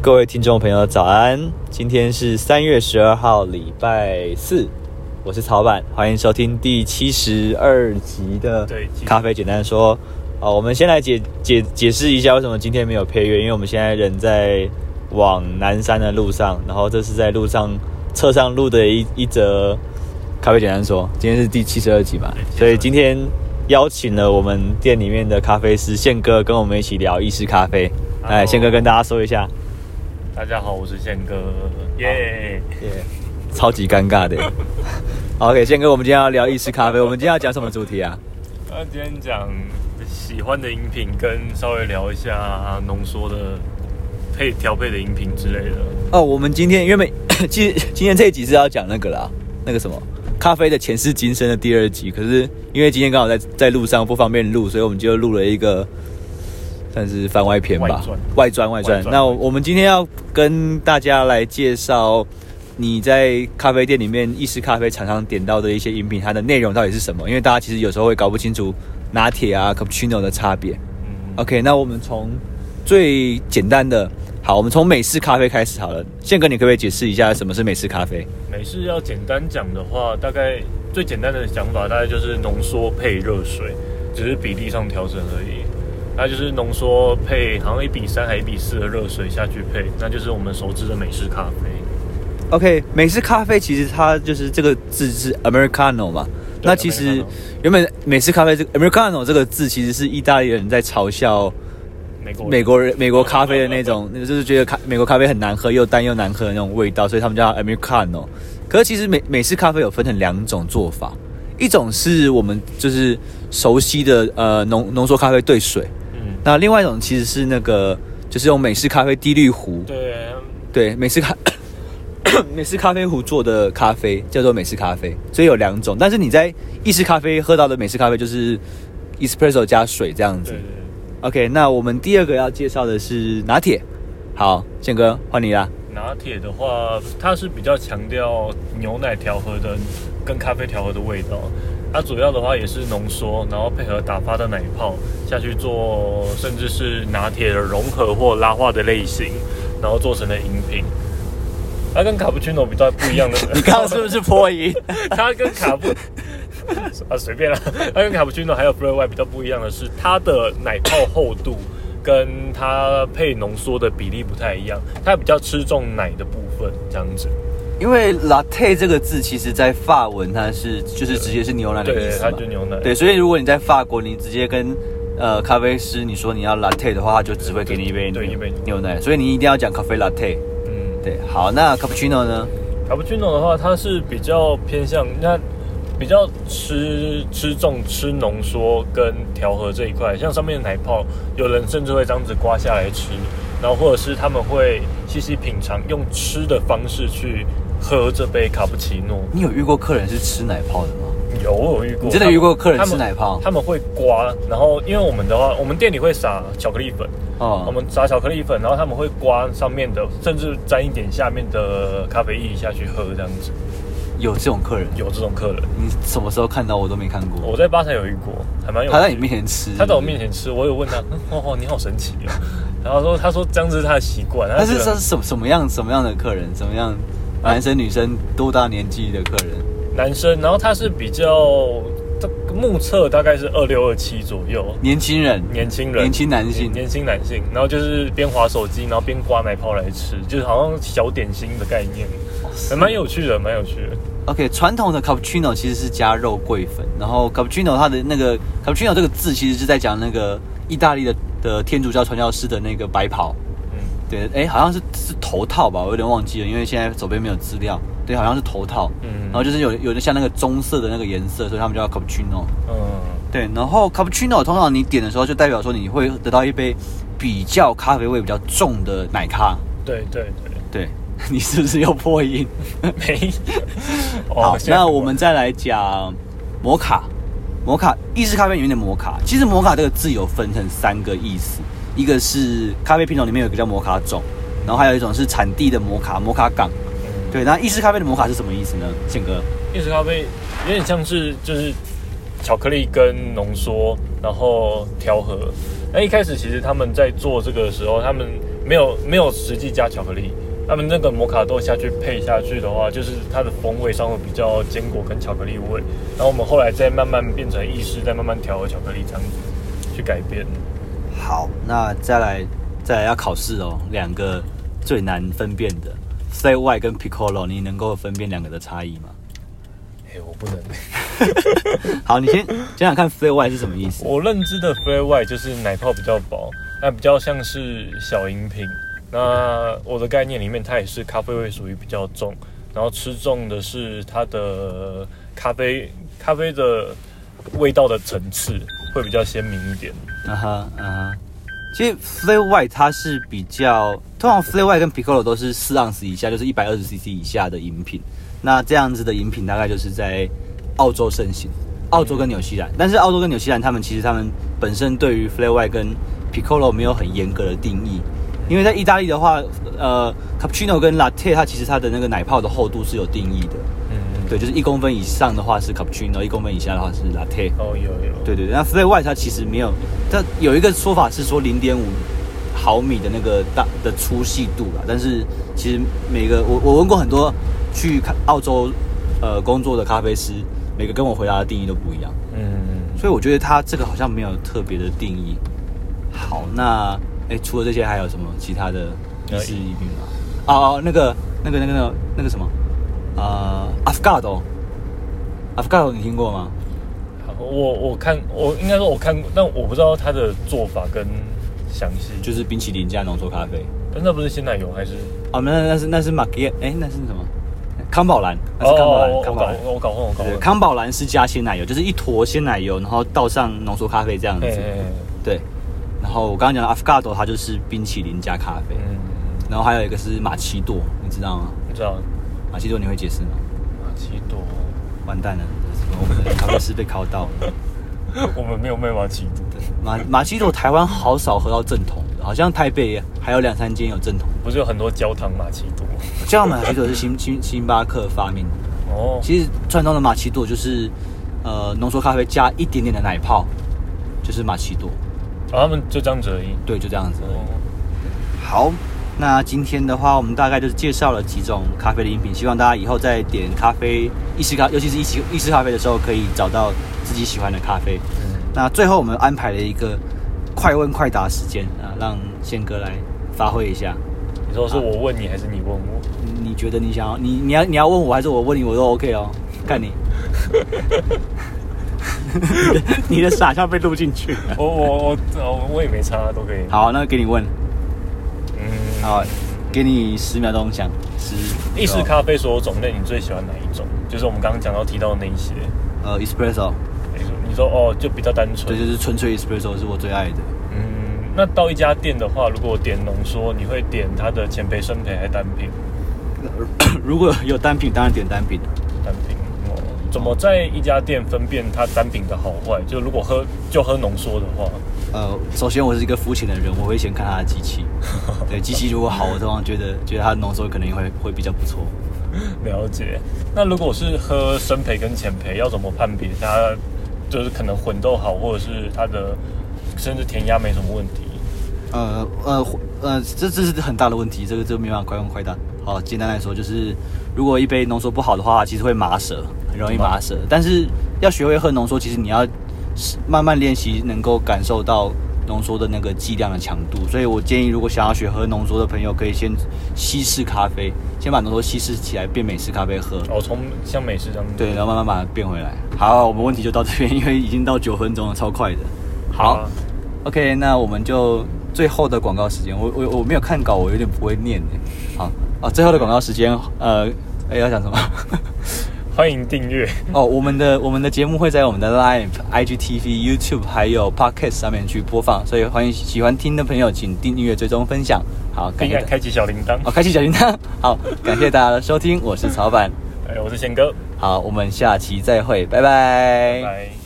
各位聽眾朋友早安，今天是三月十二號禮拜四，我是曹板，歡迎收聽第七十二集的《咖啡簡單說》。哦，我們先來解解解釋一下為什麼今天沒有配樂，因為我們現在人在往南山的路上，然後這是在路上車上錄的一一則《咖啡簡單說》。今天是第七十二集嘛，所以今天邀請了我們店裡面的咖啡師憲哥跟我們一起聊意式咖啡。好來，憲哥跟大家說一下。大家好，我是健哥，耶、yeah. oh, yeah. 耶，超級尷尬的。OK，健哥，我們今天要聊意式咖啡， 我們今天要講什麼主題啊？那今天講喜歡的飲品，跟稍微聊一下濃縮的配調配的飲品之類的。哦，oh, 我們今天因為今今天這一集是要講那個啦，那個什麼咖啡的前世今生的第二集，可是因為今天剛好在在路上不方便錄，所以我們就錄了一個。算是番外篇吧，外傳外傳。那我我們今天要跟大家來介紹，你在咖啡店裡面意式咖啡常常點到的一些飲品，它的內容到底是什麼？因為大家其實有時候會搞不清楚拿鐵啊、cappuccino 的差別。嗯嗯 OK，那我們從最簡單的，好，我們從美式咖啡開始好了。憲哥，你可不可以解釋一下什麼是美式咖啡？美式要簡單講的話，大概最簡單的想法，大概就是濃縮配熱水，只、就是比例上調整而已。那就是濃縮配好像一比三還一比四的熱水下去配，那就是我們熟知的美式咖啡。OK，美式咖啡其實它就是這個字是 Americano 嘛？對那其實原本美式咖啡這個 Americano 這個字其實是意大利人在嘲笑美國美國人美國咖啡的那種，嗯、就是覺得咖美國咖啡很難喝又淡又難喝的那種味道，所以他們叫 Americano。可是其實美美式咖啡有分成兩種做法，一種是我們就是熟悉的呃濃濃縮咖啡兌水。那另外一種其實是那個，就是用美式咖啡滴濾壺，對，對，美式咖 美式咖啡壺做的咖啡叫做美式咖啡，所以有兩種。但是你在意式咖啡喝到的美式咖啡就是 Espresso 加水這樣子。對對對，OK，那我們第二個要介紹的是拿鐵。好，憲哥換你啦。拿鐵的話，它是比較強調牛奶調和的跟咖啡調和的味道。它、啊、主要的話也是濃縮，然後配合打發的奶泡下去做，甚至是拿鐵的融合或拉花的類型，然後做成了飲品。它、啊、跟卡布奇諾比較不一樣的， 你剛剛是不是破音？它跟卡布，啊，隨便啦，它、啊、跟卡布奇諾還有 flat white 比較不一樣的是，它的奶泡厚度跟它配濃縮的比例不太一樣，它比較吃重奶的部分這樣子。因為 latte 這個字，其實，在法文它是就是直接是牛奶的意思嘛，對，它就牛奶。對，所以如果你在法國，你直接跟呃咖啡師你說你要 latte 的話，他就只會給你一杯對，一杯牛奶。所以你一定要講咖啡 latte 嗯。嗯，對。好，那 cappuccino 呢？cappuccino 的話，它是比較偏向那比較吃吃重吃濃縮跟調和這一塊，像上面的奶泡，有人甚至會這樣子刮下來吃，然後或者是他們會細細品嘗，用吃的方式去。喝這杯卡布奇諾。你有遇過客人是吃奶泡的嗎？有，我有遇過。真的遇過客人吃奶泡，他們會刮，然後因為我們的話，我們店裡會撒巧克力粉，哦，我們撒巧克力粉，然後他們會刮上面的，甚至沾一點下面的咖啡液下去喝這樣子。有這種客人？有這種客人。你什麼時候看到？我都沒看過。我在吧台有遇過，還蠻有趣。他在你面前吃，他在我面前吃，我有問他：“哦，你好神奇哦。”然後說：“他說這樣子是他的習慣。”但是他是什麼樣什麼樣的客人？怎麼樣？男生女生多大年紀的客人？男生，然後他是比較，這個、目測大概是二六二七左右，年輕人，年輕人、嗯，年輕男性，年,年輕男性。然後就是邊滑手機，然後邊刮奶泡來吃，就是好像小點心的概念，蠻有趣的，哇塞。蠻有趣的。OK，傳統的 cappuccino 其實是加肉桂粉，然後 cappuccino 它的那個 cappuccino 這個字其實是在講那個意大利的的天主教傳教士的那個白袍。對，哎，好像是是頭套吧，我有點忘記了，因為現在手邊沒有資料。對，好像是頭套。嗯，然後就是有有點像那個棕色的那個顏色，所以他們叫做 cappuccino。嗯，對，然後 cappuccino 通常你點的時候就代表說你會得到一杯比較咖啡味比較重的奶咖。對對對對，你是不是又破音？沒。 好，那我們再來講摩卡，摩卡意式咖啡裡面的摩卡，其實摩卡這個字有分成三個意思。一個是咖啡品種裡面有一個叫摩卡種，然後還有一種是產地的摩卡，摩卡港。對，那意式咖啡的摩卡是什麼意思呢？建哥，意式咖啡有點像是就是巧克力跟濃縮，然後調和。那一開始其實他們在做這個的時候，他們沒有沒有實際加巧克力，他們那個摩卡豆下去配下去的話，就是它的風味上會比較堅果跟巧克力味。然後我們後來再慢慢變成意式，再慢慢調和巧克力這樣子去改變。好，那再來，再來要考試哦。兩個最難分辨的，flat white 跟 piccolo，你能夠分辨兩個的差異嗎？哎、欸，我不能。 好，你先想想看，flat white 是什麼意思？我認知的 flat white 就是奶泡比較薄，那、啊、比較像是小飲品。那我的概念裡面，它也是咖啡味屬於比較重，然後吃重的是它的咖啡，咖啡的味道的層次會比較鮮明一點。啊哈啊哈，uh huh, uh huh. 其實 flat white 它是比較，通常 flat white 跟 piccolo 都是四盎司以下，就是一百二十 cc 以下的飲品。那這樣子的飲品大概就是在澳洲盛行，澳洲跟紐西蘭。但是澳洲跟紐西蘭他們其實他們本身對於 flat white 跟 piccolo 沒有很嚴格的定義，因為在意大利的話，呃，cappuccino 跟 latte 它其實它的那個奶泡的厚度是有定義的。對，就是一公分以上的話是 cappuccino，然後一公分以下的話是 latte。哦、oh,，有有。對對對，那 flat white 它其實沒有，它有一個說法是說零點五毫米的那個大的粗細度吧，但是其實每個我我問過很多去澳洲呃工作的咖啡師，每個跟我回答的定義都不一樣。嗯，嗯，嗯，所以我覺得他這個好像沒有特別的定義。好，那誒、欸，除了這些還有什麼其他的異事異聞嗎？一哦，哦那個那個那個那個那個什麼？啊，阿芙卡朵。阿芙卡朵，你聽過嗎？我我看我應該說我看過，但我不知道它的做法跟詳細。就是冰淇淋加濃縮咖啡，但是那不是鮮奶油還是？哦、uh,，那是那是那是馬格哎、欸，那是什麼？康寶藍？那是康寶藍，我搞混了。康寶藍是加鮮奶油，就是一坨鮮奶油，然後倒上濃縮咖啡這樣子。對，然後我剛剛講的阿芙卡朵，它就是冰淇淋加咖啡。然後還有一個是馬奇朵，你知道嗎？知道。馬奇朵，你會解釋嗎？馬奇朵，完蛋了！我們的咖啡師被考到了。 我們沒有賣馬奇朵的。馬馬奇朵台灣好少喝到正統，好像台北還有兩三間有正統。不是有很多焦糖馬奇朵？焦糖馬奇朵是 星星星巴克發明的。哦，其實傳統的馬奇朵就是，呃，濃縮咖啡加一點點的奶泡，就是馬奇朵、啊。他們就這樣子而已。對，就這樣子而已。哦、好。那今天的話，我們大概就是介紹了幾種咖啡的飲品，希望大家以後在點咖啡、意式咖，尤其是意式意式咖啡的時候，可以找到自己喜歡的咖啡。嗯。那最後我們安排了一個快問快答時間啊，讓憲哥來發揮一下。你說是我問你，啊，還是你問我？你覺得你想要你你要你要問我，還是我問你，我都 OK 哦，看你， 你。你的傻笑被錄進去了我。我我我我我也沒差，都可以。好，那給你問。好，嗯、給你十秒鐘講。十，意式咖啡所有種類，你最喜歡哪一種？就是我們剛剛講到提到的那一些。呃，Espresso。Es so，你說哦，就比較單純。就是純粹 Espresso 是我最愛的。嗯，那到一家店的話，如果點濃縮，你會點它的淺焙深焙還是單品？ 如果有單品，當然點單品單品哦，嗯，怎麼在一家店分辨它單品的好壞？就是如果喝就喝濃縮的話。呃，首先我是一個膚淺的人，我會先看它的機器。對，機器如果好的話，覺得覺得它濃縮可能會會比較不錯。了解。那如果我是喝深焙跟淺焙，要怎麼判別？它就是可能混豆好，或者是它的甚至填壓沒什麼問題。呃呃呃，這這是很大的問題，這個這沒辦法快問快答。好，簡單來說就是，如果一杯濃縮不好的話，其實會麻舌，很容易麻舌。嗎但是要學會喝濃縮，其實你要。慢慢練習，能夠感受到濃縮的那個劑量的強度，所以我建議，如果想要學喝濃縮的朋友，可以先稀釋咖啡，先把濃縮稀釋起來，變美式咖啡喝。哦，從像美式這樣。對，然後慢慢把它變回來。好，我們問題就到這邊，因為已經到九分鐘了，超快的。好、嗯、，OK，那我們就最後的廣告時間。我我我沒有看稿，我有點不會念。好，啊、哦，最後的廣告時間，嗯、呃，A、欸、要講什麼？ 歡迎訂閱哦！我們的我們的節目會在我們的 Live、IGTV、YouTube 還有 Podcast 上面去播放，所以歡迎喜歡聽的朋友請訂閱、追蹤、分享。好，可以開啟小鈴鐺哦，開啟小鈴鐺。好，感謝大家的收聽， 我是曹板，哎，我是賢哥。好，我們下期再會，拜拜。拜拜。